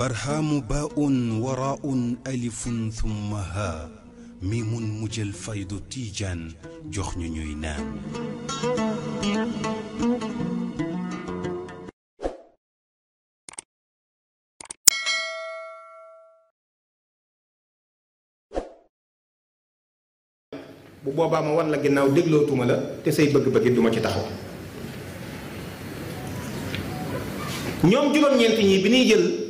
برهام باء وراء ألف ثم ها ميم مجل فيض تيجا جخن نينان bu boba ma wan la ginnaw deglotuma la te sey beug beug duma ci taxaw ñom juroom ñent ñi bi ni jël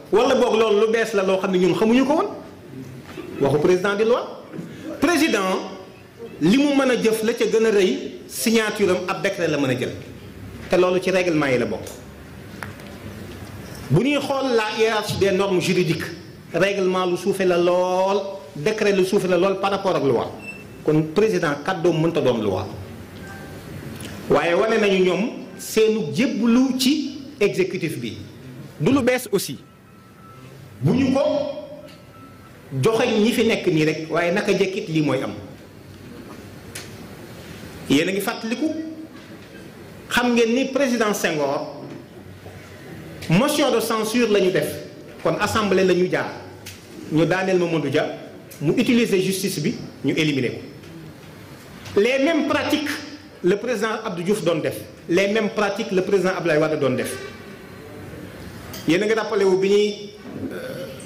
wala boog loolu lu bees la loo xam ne ñun xamuñu ko woon waxu président di loi président li mu mën a jëf la ca gën a rëy signature am ab décret la mën a jël te loolu ci règlement yi la bokk bu ñuy xool la hiérarchie des normes juridiques règlement lu suufe la lool décret lu suufe la lool par rapport ak loi kon président kàddoom mënta doon loi waaye wane nañu ñoom seenu jébbalu ci exécutif bi du lu bees aussi bu ñu ko joxe ñi fi nekk nii rek waaye naka jekkit lii mooy am yéen a ngi fàttaliku xam ngeen ni président Senghor motion de censure la ñu def kon assemblée la ñu jaar ñu daaneel Mamadou ja mu utiliser justice bi ñu éliminer ko les mêmes pratiques le président Abdou Diouf doon def les mêmes pratiques le président Ablaye Wade doon def yéen a ngi rappelé wu bi ñuy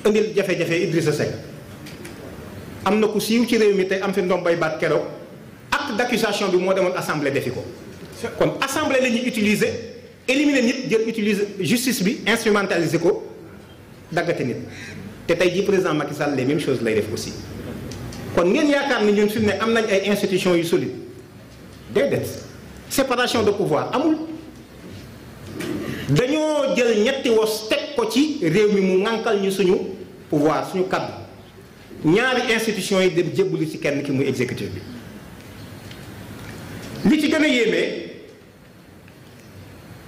indil jafé-jafé Idrissa Seck amna na ku siiw ci réew mi tey am fi bay baat keroog acte d'accusation bi moo demoon assemblée defi ko kon assemblée la ñuy utiliser éliminer nit jël utiliser justice bi instrumentaliser ko daggate nit te tey ji président Macky Sall les mêmes choses lay def aussi kon ngeen yaakaar ni ñun suñu mu ne am nañ ay institutions yu solide déedéet séparation de pouvoir amul dañoo jël ñetti wos teg ko ci réew mi mu ŋànkal ñu suñu pouvoir suñu kaddu ñaari institution yi dem jébbali ci kenn ki muy exécutif bi li ci gën a yéeme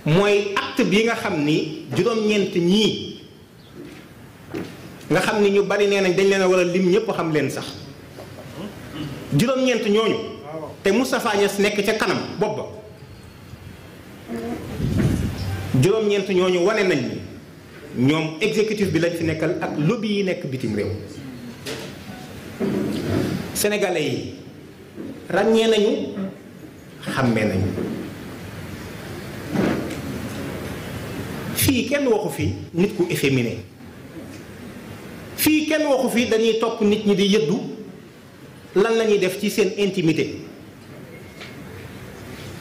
mooy acte bi nga xam ni juróom-ñeent ñii nga xam ni ñu bari nee nañ dañ leen a war a lim ñëpp xam leen sax juróom-ñeent ñooñu te Moustapha si nekk ca kanam bopp ba juróom-ñeent ñooñu wane nañ ñoom exécutif bi lañ fi nekkal ak lobby yi nekk bitim réew sénégalais yi ràññee nañu xàmmee nañu fii kenn waxu fi nit ku efféminé fii kenn waxu fi dañuy topp nit ñi di yëddu lan la ñuy def ci seen intimité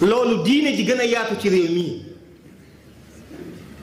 loolu diine ji gën a yaatu ci réew mi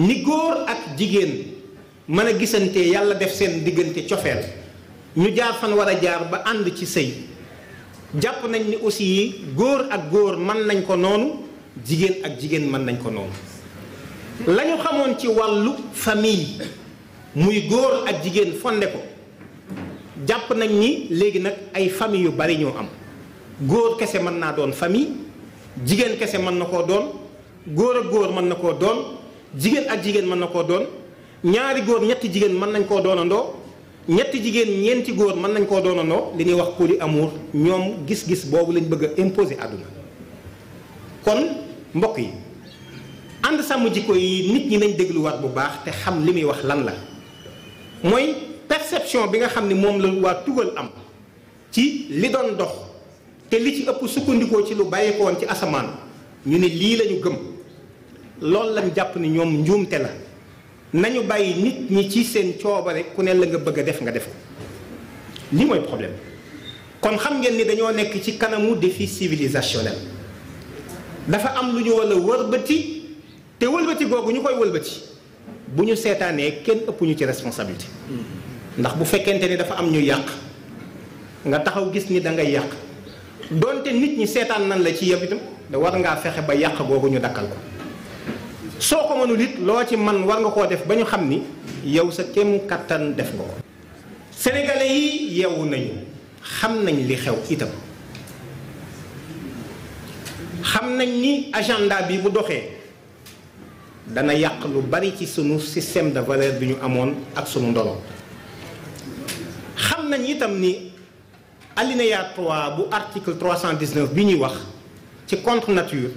ni góor ak jigéen mën a gisante yàlla def seen diggante cofeel ñu jaar fan war a jaar ba ànd ci sëy jàpp nañ ni aussi góor ak góor man nañ ko noonu jigéen ak jigéen mën nañ ko noonu lañu xamoon ci wàllu famille muy góor ak jigéen fonde ko jàpp nañ ni léegi nag ay famille yu bari ñoo am góor kese mën naa doon famille jigéen kese mën na koo doon góor ak góor mën na koo doon jigéen ak jigéen mën na koo doon ñaari góor ñetti jigéen mën nañ koo doon doonandoo ñetti jigéen ñeenti góor mën nañ koo doonandoo li ñuy wax polyamour ñoom gis-gis boobu lañ bëgg a imposer àdduna kon mbokk yi ànd sàmm jikko yi nit ñi nañ dégluwaat bu baax te xam li muy wax lan la mooy perception bi nga xam ne moom la waa tugal am ci li doon dox te li ci ëpp sukkandikoo ci lu bàyyi ko woon ci asamaan ñu ne lii lañu gëm loolu lañ jàpp ni ñoom njuumte la nañu bàyyi nit ñi ci seen coobare ku ne la nga bëgg a def nga def ko lii mooy problème kon xam ngeen ni dañoo nekk ci kanamu défi civilisationnel dafa am lu ñu war a te wëlbati googu ñu koy wëlbati bu ñu seetaanee kenn ëpp ñu ci responsabilité ndax bu fekkente ni dafa am ñu yàq nga taxaw gis ni da ngay yàq donte nit ñi seetaan nan la ci yow itam da war ngaa fexe ba yàq googu ñu dakkal ko soko ko mënul it ci man war nga ko def bañu xamni yow sa kem katan def ko sénégalais yi yeewu nañ xam nañ li xew itam xam nañ ni agenda bi bu doxé dana yàq lu bari ci sunu système de valeur bi ñu amoon ak sunu ndolo xam nañ itam ni alinéa 3 bu article 319 bi ñuy wax ci contre nature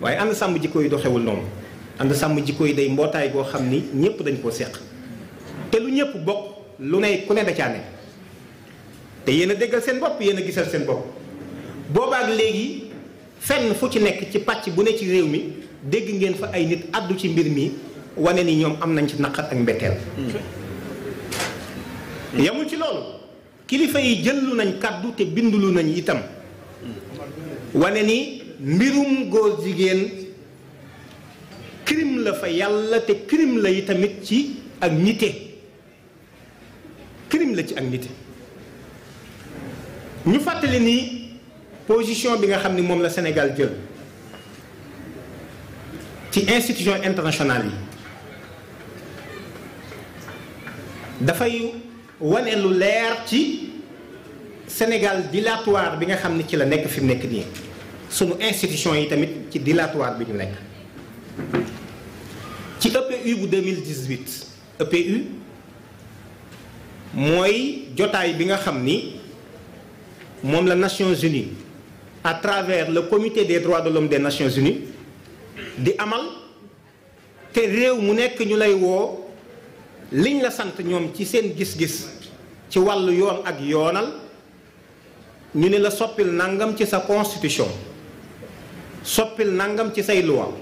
waaye ànd sàmm jikko yi doxewul noonu ànd sàmm jikko yi day mbootaay goo xam ni ñëpp dañ koo seq te lu ñëpp bokk lu ne ku ne da caa ne te yéen a déggal seen bopp yéen a gisal seen bopp boobaak léegi fenn fu ci nekk ci pàcc bu ne ci réew mi dégg ngeen fa ay nit àddu ci mbir mi wane ni ñoom am nañ ci naqar ak mbetteel yamul ci loolu kilifa yi jëllu nañ kàddu te bindulu nañ itam wane ni mbirum go jigen crime la fa yalla te crime la yi tamit ci ak nité crime la ci ak nité ñu fàttali ni position bi nga xamni mom la Sénégal jël ci institution internationale yi fay wane lu leer ci Sénégal dilatoire bi nga xamni ci la nek fim nek ni sont institutions yi tamit ci dilatoire bi ñu nekk ci EPU 2018 EPU moy jotay bi nga xamni mom la Nations Unies à travers le comité des droits de l'homme des Nations Unies di amal té réew mu nek ñu lay woo liñ la sant ñom ci seen gis-gis ci walu yoon ak yoonal ñu ne la soppil nangam ci sa constitution soppil nangam ci say loi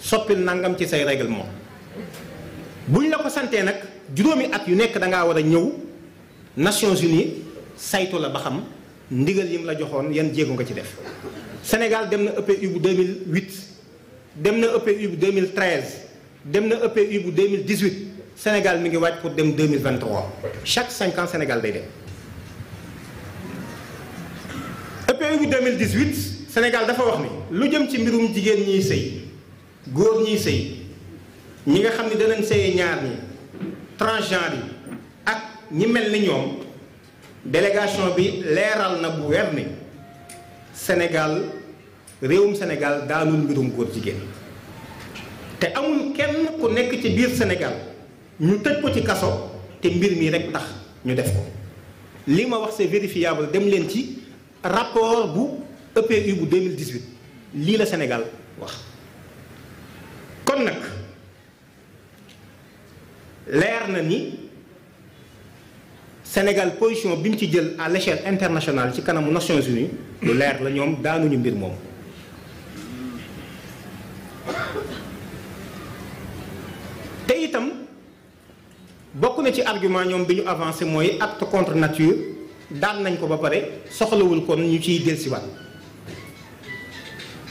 soppil nangam ci say règlement buñ la ko santee nag juróomi at yu nekk da ngaa war a ñëw Nations Unies saytu la ba xam ndigal yi mu la joxoon yan jéegu nga ci def. Sénégal dem na EPU bu 2008 dem na ëpp EPU bu 2013 dem na EPU bu 2018 Sénégal mi ngi waaj pour dem 2023 chaque cinq ans Sénégal day dem EPU bu 2018. Sénégal dafa wax ni lu jëm ci mbirum jigéen ñiy sëy góor ñiy sëy ñi nga xam ni danañ sëyee ñaar ñi transgenre yi ak ñi mel ni ñoom délégation bi leeral na bu weer ni Sénégal réewum Sénégal daanul mbirum góor jigéen te amul kenn ku nekk ci biir Sénégal ñu tëj ko ci kaso te mbir mi rek tax ñu def ko li ma wax c'est vérifiable dem leen ci rapport bu EPU bu 2018 lii la Sénégal wax kon nag leer na ni Sénégal position bi mu ci jël à l'échelle internationale ci kanamu Nations Unies lu leer la ñoom daanuñu mbir moom te itam bokk na ci argument ñoom bi ñu avancé mooy acte contre nature daan nañ ko ba pare soxlawul kon ñu ciy dellusiwaat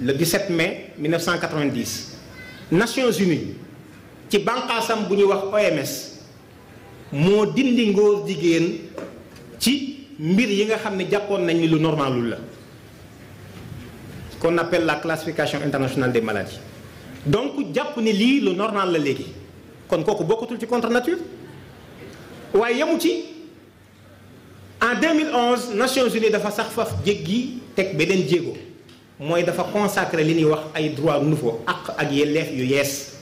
le 17 mai 1990 Nations Unies qui bànqaasam bu ñuy wax OMS moo dindi ngóor qui ci mbir yi nga xam ne normal nañ qu'on appelle la classification internationale des maladies donc jàpp ni le lu normal la qu'on kon beaucoup bokkatul ci contre nature waaye yamuti. en 2011 Nations Unies dafa sax faf jéggi Tek moy dafa consacrer li ñuy wax ay droits nouveaux ak ak yelef yu yes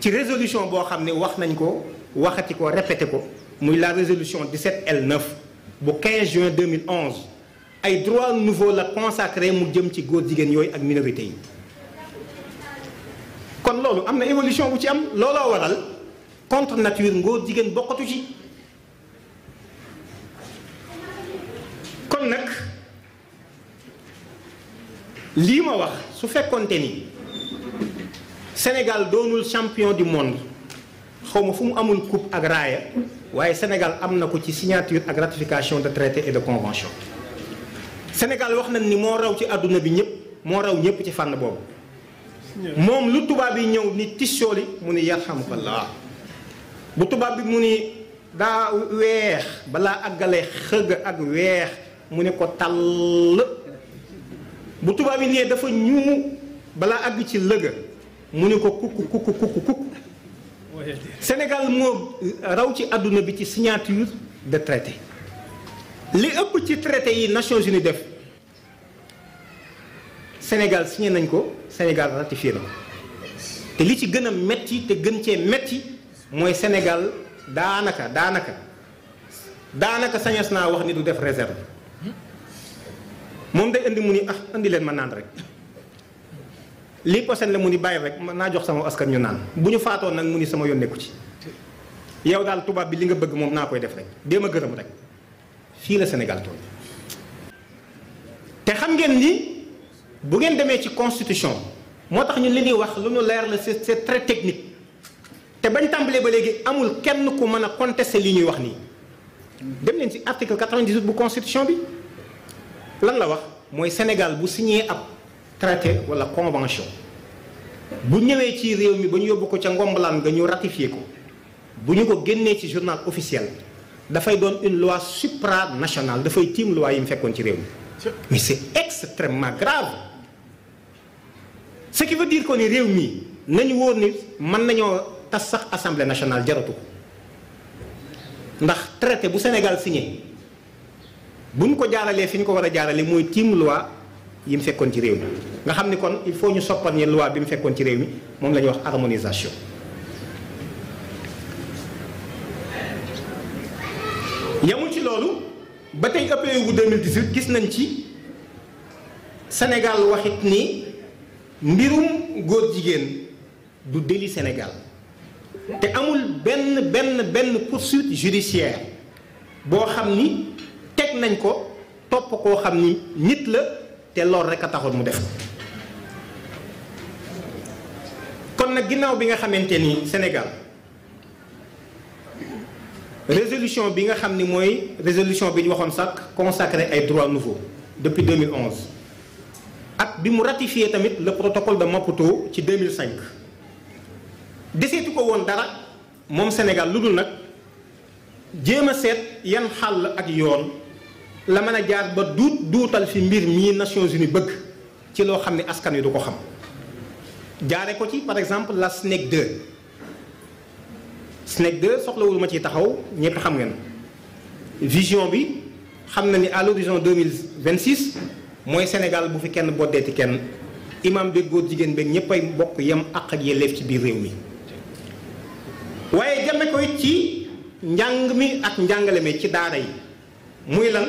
ci résolution bo xamné wax nañ ko waxati ko répéter ko muy la résolution 17 L9 bu 15 juin 2011 ay droits nouveaux la consacrer mu jëm ci góor jigéen yoy ak minorité yi kon lolu amna évolution bu ci am lolo waral contre nature ngo jigéen bokatu ci kon nak Lima ma wax su fekkonte ni Sénégal champion du monde xaw fum fu amul coupe ak raaya Sénégal am na ko ci signature ak ratification de traité et de convention Sénégal wax nañ ni mora raw ci àdduna bi ñëpp moo raw ñëpp ci fànn boobu moom lu tubaab yi ñëw ni tissoli mu ni yarhamukallah bu tubaab bi mu da daa balaa àggale ak weex mu ko bu tubaab yi nee dafa ñuumu balaa àgg ci lëga mu ni ko kukk kukk kukk kukk Sénégal moo raw ci àdduna bi ci signature de traité li ëpp ci traité yi Nations Unies def Sénégal signé nañ ko Sénégal ratifié na ko te li ci gën a metti te gën cee metti mooy Sénégal daanaka daanaka daanaka sañas naa wax ni du def réserve moom day indi mu ni ah indi leen ma naan rek lii posen la mu ni bàyyi rek mën naa jox sama askan ñu naan bu ñu faatoon nag mu ni sama yoon nekku ci yow daal tubaab bi li nga bëgg moom naa koy def rek déem a gërëm rek fii la Sénégal tool te xam ngeen ni bu ngeen demee ci constitution moo tax ñu li ñuy wax lu ñu leer la c'est c'est très technique te bañ tàmbalee ba léegi amul kenn ku mën a contester li ñuy wax nii dem leen ci article 98 bu constitution bi lan la wax moy Sénégal bu signé ab traité wala convention bu ñëwé ci réew mi ba ñu yóbbu ko ngomb lan nga ñu ratifié ko bu ñu ko génné ci journal officiel fay doon une loi supranationale fay tim loi yi mu fekkoon ci réew mi mais c'est extrêmement grave ce qui veut dire qu'on est réew mi nañu wóor ni man nañoo tas sax assemblée nationale jaratu ndax traité bu Sénégal signé buñ ko jaaralee fiñ ko war a jaarale mooy tiim loi yi mu fekkoon ci réew mi nga xam ni kon il faut ñu soppal ñi loi bi mu fekkoon ci réew mi moom la ñuy wax harmonisation yemul ci loolu ba tey ëppee wu 2018 gis nañ ci Sénégal waxit ni mbirum góor jigéen du délit Sénégal te amul benn benn benn poursuite judiciaire boo xam ni teg nañ ko top ko xamni nit la té lool rek a taxoon mu def kon nag ginnaw bi nga xamante Sénégal résolution bi nga xamni moy résolution bi ñu waxon sak consacrer ay droits nouveaux depuis 2011 ak bi mu ratifier tamit le protocole de Maputo ci 2005 deseetu ko won dara mom Sénégal lu nak nag set a seet yan xàll ak yoon la mën jaar ba duut duutal fi mbir mi Nations Unies bëgg ci lo xamni askan wi du ko xam jaaré ko ci par exemple la SNEC 2 SNEC 2 soxlawul ma ci taxaw ñepp xam ngeen vision bi xam na ni à l'horizon 2026 mooy Sénégal bu fi kenn boddeeti kenn imam bi góor jigéen beeg ñëpp ay bokk yem àq ak yelleef ci biir réew mi waaye jame koy ci njàng mi ak njàngale mi ci daara yi muy lan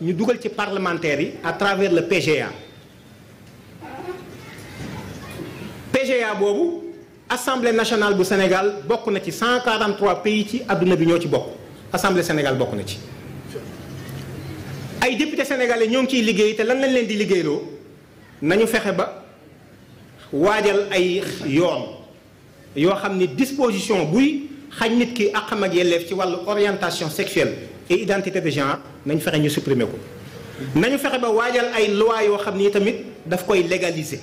nous devons ci parlementaires à travers le PGA PGA boobu assemblée nationale du Sénégal bokk 143 pays ci ñoo ci bokk assemblée Sénégal sénégalais ñoo ngi liggéey lan lañ leen di nañu ba disposition buy nit orientation sexuelle et identité de genre nañ fexe ñu supprimer ko nañu fexe ba waajal ay loi yoo xam ni tamit daf koy légaliser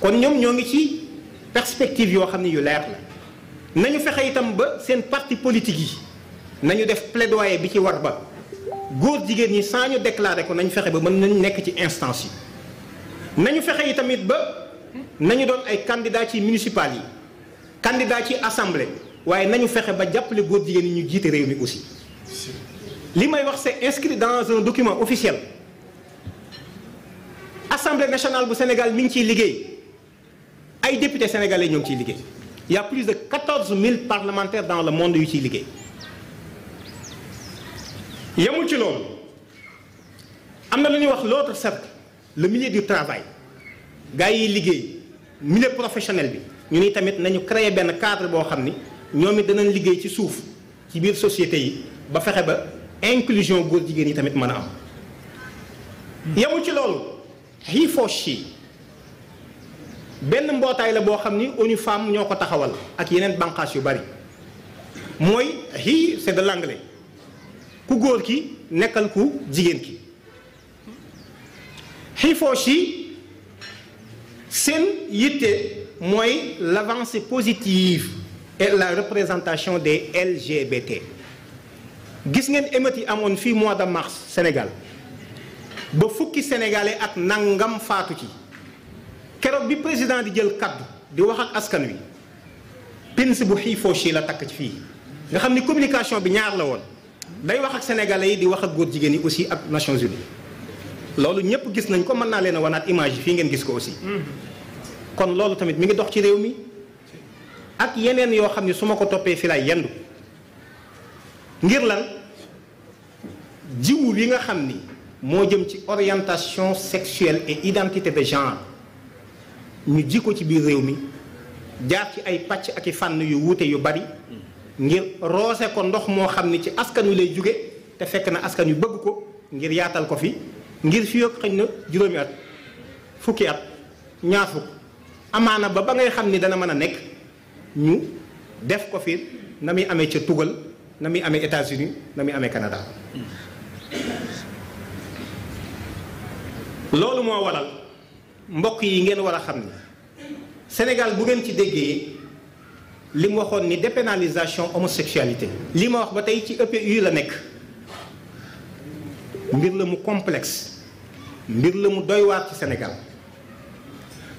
kon ñoom ñoo ci perspective yoo xam ni yu leer la nañu fexe itam ba seen parti politique yi nañu def plaidoyer bi ci war ba góor jigéen ñi déclarer ko nañu fexé ba mën nañu nek ci instance yi nañu fexé yi tamit ba nañu doon ay candidat ci municipal yi candidat ci assemblée waye nañu fexé ba jappalé góor jigéen ni ñu jité réew mi aussi L'imay wax c'est inscrit dans un document officiel Assemblée nationale du Sénégal mi ngi Les députés sénégalais ci il y a plus de 14 000 parlementaires dans le monde yu ciy il y a beaucoup l'autre cercle le milieu du travail Les yi milieu professionnel bi ñu ni tamit nañu cadre boo les ni société ba fexe ba inclusion góor jigéen yi tamit y a am yemul ci loolu he for she benn mbootaay la bo xamni ni ONU Femmes ñoo taxawal ak yenen bànqaas yu bari moy he c'est de l'anglais ku goor ki nekkal ku jigen ki he for she sen yitte moy l'avancée positive et la représentation des LGBT gis ngeen émeutes yi amoon fii mois de mars Sénégal ba fukki sénégalais ak nangam faatu ci keroog bi président di jël kàddu di wax ak askan wi pince bu xiifoo si la takk ci fii nga xam ni communication bi ñaar la woon day wax ak sénégalais yi di wax ak góor jigéen yi aussi ak Nations Unies loolu ñëpp gis nañ ko mën naa leen a wanaat image yi fii ngeen gis ko aussi mm-hmm. kon loolu tamit mi ngi dox ci réew mi ak yeneen yoo xam ne su ma ko toppee fi lay yendu ngir lan jiwu li nga xam ni moo jëm ci orientation sexuelle et identité de genre ñu ji ko ci biir réew mi jaar ci ay pàcc ak i fànn yu wuute yu bari ngir roose ko ndox moo xam ni ci askan wi lay jóge te fekk na askan wi bëgg ko ngir yaatal ko fi ngir fi yokk xëñ na juróomi at fukki at ñaar fukk amaana ba ba ngay xam ni dana mën a nekk ñu def ko fi na muy amee ca tugal nami amé États-Unis nami amé Canada mo walal mbok yi ngeen xamni Sénégal bu ngeen ci déggé li est ni dépénalisation homosexualité li ma wax ba ci e la mbir la mu complexe mbir la mu doy ci Sénégal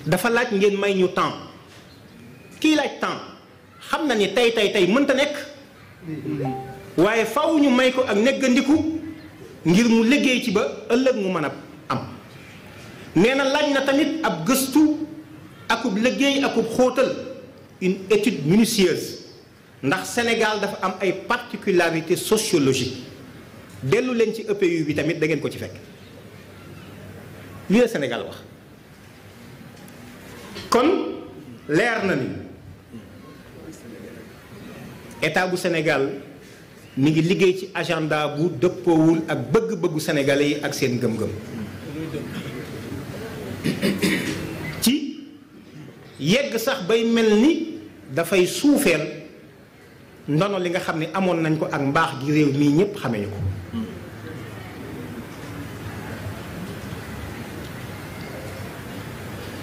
dafa laaj may ñu temps laaj temps ni tay tay waaye faw ñu may ko ak neggandiku ngir mu liggéey ci ba ëllëg mu mën a am nee na laaj na tamit ab gëstu akub liggéey akub xóotal une étude minutieuse ndax Sénégal dafa am ay particularités sociologiques dellu leen ci ëpp e EPU bi tamit da ngeen ko ci fekk lii la Sénégal wax kon leer na ni état bu senegal mu ngi liggéey ci agenda bu dëppoowul ak bëgg-bëggu sénégalais yi ak seen gëm-gëm ci yegg sax bay mel ni dafay suufeel ndono li nga xam ne amoon nañ ko ak mbaax gi réew mii ñëpp xamee ko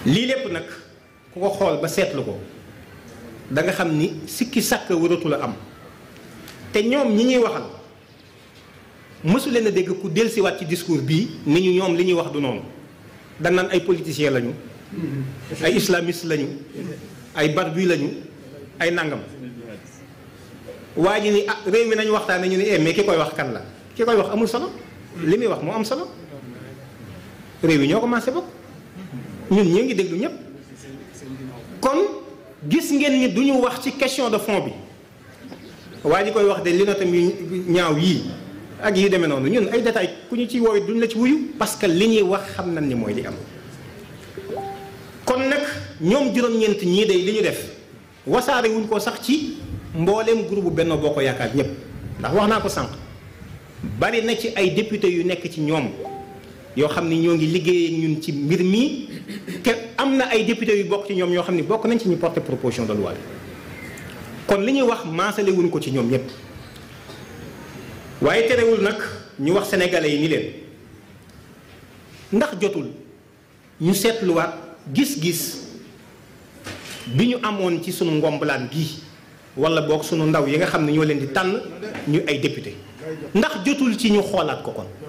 lii lépp nag ku ko xool ba seetlu ko da nga xam ni sikki sàkk waratu la am te ñoom ñi ñuy waxal mësu leen a dégg ku dellusiwaat ci discours bii ni ñu ñoom li ñuy wax du noonu dañ naan ay politiciens lañu ay islamist lañu ay barbu lañu ay nangam waa ji ni ah réew mi nañu waxtaane ñu ni eh mais ki koy wax kan la ki koy wax amul solo li muy wax moo am solo réew yi ñoo commencé bokk ñun ñoo ngi déglu ñëpp kon. gis ngeen du ñu wax ci question de fond bi waa ji koy wax de li yu ñaaw yii ak yu demee noonu ñun ay détails ku ñu ci woowee duñ la ci wuyu parce que li ñuy wax xam nañ ni mooy li am kon nag ñoom juróom-ñeent ñii de li ñu def wasaare ko sax ci mbooleem benn Benno ko Yaakaar ñëpp ndax wax naa ko sànq bari na ci ay député yu nekk ci ñoom yoo xam ne ñoo ngi liggéey ñun ci mbir mi te am na ay député yu bokk ci ñoom ñoo xam ne bokk nañ ci ñu porter proposition de kon li ñuy wax maasale ko ci ñoom ñëpp waaye terewul nag ñu wax sénégalais yi ni leen ndax jotul ñu seetluwaat gis-gis bi ñu amoon ci sunu ngombalaan gi wala boog sunu ndaw yi nga xam ne ñoo leen di tànn ñu ay député ndax jotul ci ñu xoolaat ko kon.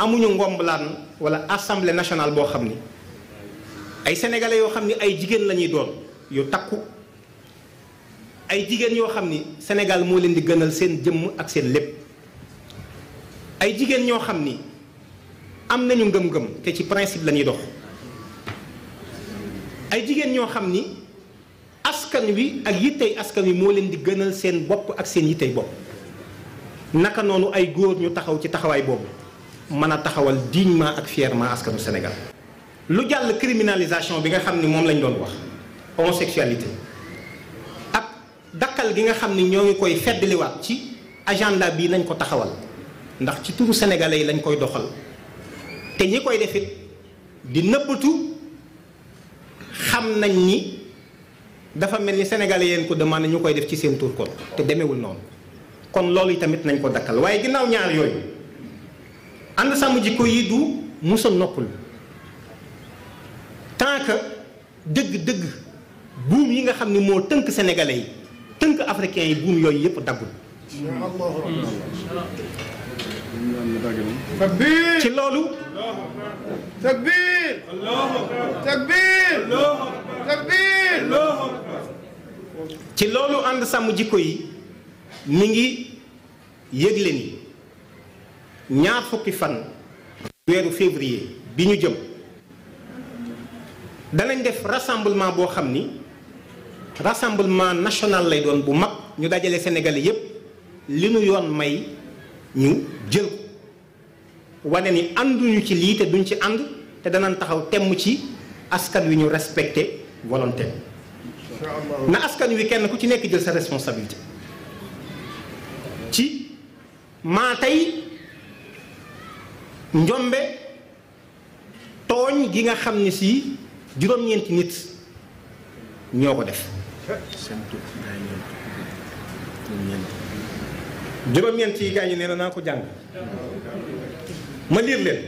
amuñu ngomblaan wala assemblée nationale boo xam ni ay sénégalais yoo xam ni ay jigéen la ñuy doon yu takku ay jigéen yoo xam ni Sénégal moo leen di gënal seen jëmm ak seen lépp ay jigéen ñoo xam ni am nañu ngëm-ngëm te ci principe lañuy ñuy dox ay jigéen ñoo xam ni askan wi ak yittey askan wi moo leen di gënal seen bopp ak seen yittey bopp naka noonu ay góor ñu taxaw ci taxawaay boobu. Je le taxawal dignement ak fièrement du Sénégal. lu jall criminalisation bi nga xamni mom lañ doon wax homosexualité ak dakal gi nga xamni ngi koy ci agenda bi nañ ko taxawal ndax ci sénégalais lañ koy doxal té ñi koy defit di des xam nañ ni dafa melni sénégalais ko de def ci kon loolu tamit nañ ko ànd sàmm jikko yi du musa noppul tant que dëgg-dëgg buum yi nga xam ni moo tënk sénégalais yi tënk africains yi buum yooyu yëpp daggul ci loolu ànd sàmm jikko yi mi ngi yëgle ni ñaar fukki fan weeru février bi ñu jëm danañ def rassemblement boo xam rassemblement national lay doon bu mag ñu dajale Sénégalais yépp li nu yoon may ñu jël wane ni anduñu ci lii te duñ ci ànd te danañ taxaw temm ci askan wi ñu respecté volonté na askan wi kenn ku ci nekk jël sa responsabilité ci maa tey njombe tooñ gi nga xam ni si juróom-ñeenti nit ñoo ko def juróom-ñeent yi gaañu nee na naa ko jàng ma liir leen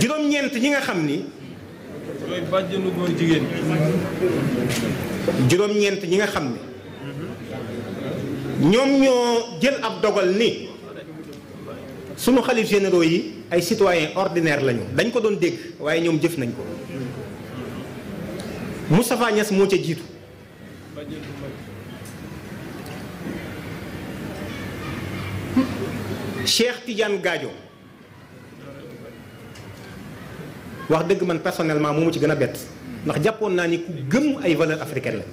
juróom-ñeent ñi nga xam ni juróom-ñeent ñi nga xam ni ñoom ñoo jël ab dogal ni sunu xalif généraux yi ay citoyens ordinaire lañu dañ ko doon dégg waaye ñoom jëf nañ ko Moustapha moo ca jiitu Cheikh Tidiane gaajo wax dëgg man personnellement moomu ci gën a bett ndax jàppoon naa ni ku gëm ay valeurs africain la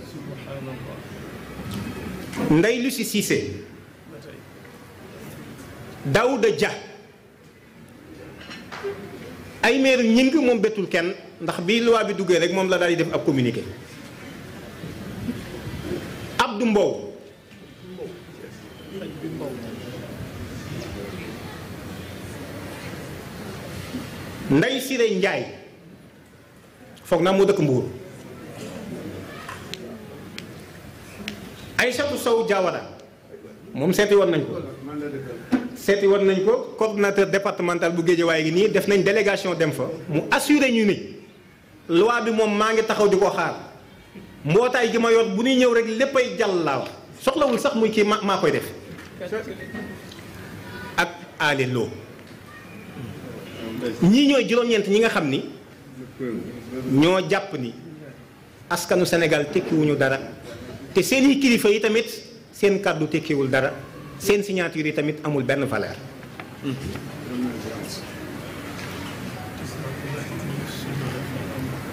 Ndeye si Cissé Daouda ja ay maire ñing moom bettul kenn ndax bi loi bi duggee rek moom la daal def ab communiqué Abdou Mbow Ndeye Siré Ndiaye foog naa moo dëkk Mbour ay Aïssatou Sow Diawara moom seeti woon nañ ko seeti woon nañ ko coordinateur départemental bu Guédiawaye gi nii def nañ délégation dem fa mu assuré ñu ni loi bi moom maa ngi taxaw di ko xaar mbootaay gi ma yor bu ñuy ñëw rek ay jàll laa wax soxlawul sax muy kii ma maa koy def ak aale loo ñii ñooy juróom-ñeent ñi nga xam ni ñoo jàpp ni askanu Sénégal tekkiwuñu dara te seeni kilifa yi tamit seen kàddu tekkewul dara seen signature yi tamit amul benn valeur.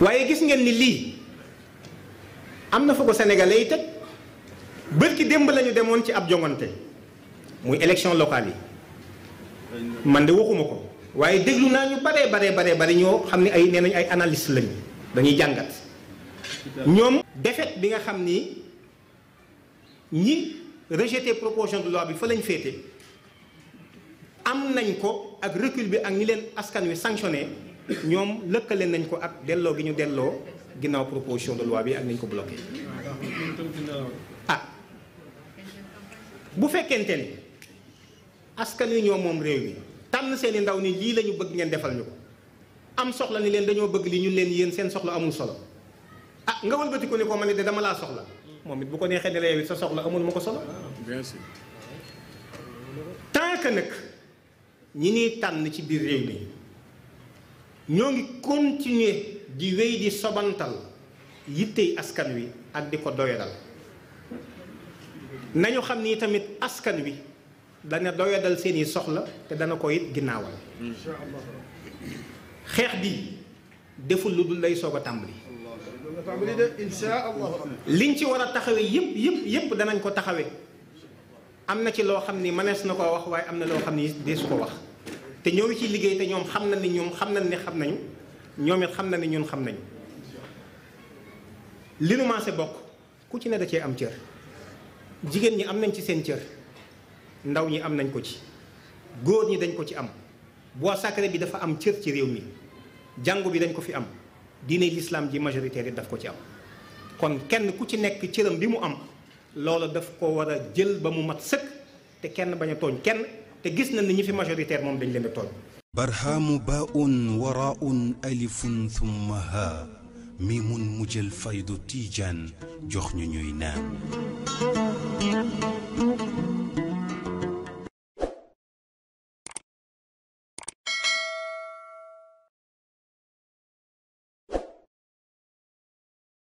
waaye gis ngeen ni lii am na fa ko sénégalais yi teg bërki démb la demoon ci ab jongante muy élection locale yi man de waxuma ko waaye déglu naa ñu baree bare baree bari ñoo xam ne ay nee nañu ay analyste lañu dañuy jàngat ñoom defet bi nga xam ni ñi rejeté proposition de loi bi fa lañ fété am nañ ko ak recul bi ak ñi leen askan wi sanctionné ñom lëkkale nañ ko ak delloo gi ñu delloo ginnaw proposition de loi bi ak nañ ko bloqué. ah bu fekkente ni askan wi ñom mom réew wi tànn seen ndaw ni li lañu bëgg ngeen defal ñuko am soxla ni leen dañoo bëgg li ñu leen yeen seen soxla amul solo ah nga wëlbati ko ni ko mané ne dama la soxla moom it bu ko neexee di la yow it sa soxla amul ma ko solo. bien sûr. tant que nag ñi ñuy tànn ci biir réew mi ñoo continuer di wéy di sobantal yittey askan wi ak di ko nañu xam ni tamit askan wi dana doyadal seeni soxla te dana ko it ginnaawal. xeex bi deful lu dul lay soog a dafa am de insha ci war a taxawee yëpp yëpp yëpp danañ ko taxawe am na ci loo xam ni mënees na ko wax waaye am na loo xam ni deesu ko wax te ñoo ngi ciy liggéey te ñoom xam na ni ñoom xam na ni xam nañu ñoom it xam na ni ñun xam nañu li nu bokk ku ci ne da cee am cër jigéen ñi am nañ ci seen cër ndaw ñi am nañ ko ci góor ñi dañ ko ci am boo sacré bi dafa am cër ci réew mi jàngu bi dañ ko fi am diine lislaam ji majoritaire yi daf ko ci am kon kenn ku ci nekk cëram bi mu am loola daf ko war a jël ba mu mat sëkk te kenn bañ tooñ kenn te gis nañ ni ñu fi majoritaire moom dañ leen di tooñ barhaamu baaun waraaun alifun thumma ha mimun mujjal faydu tiijaan jox ñu ñuy naan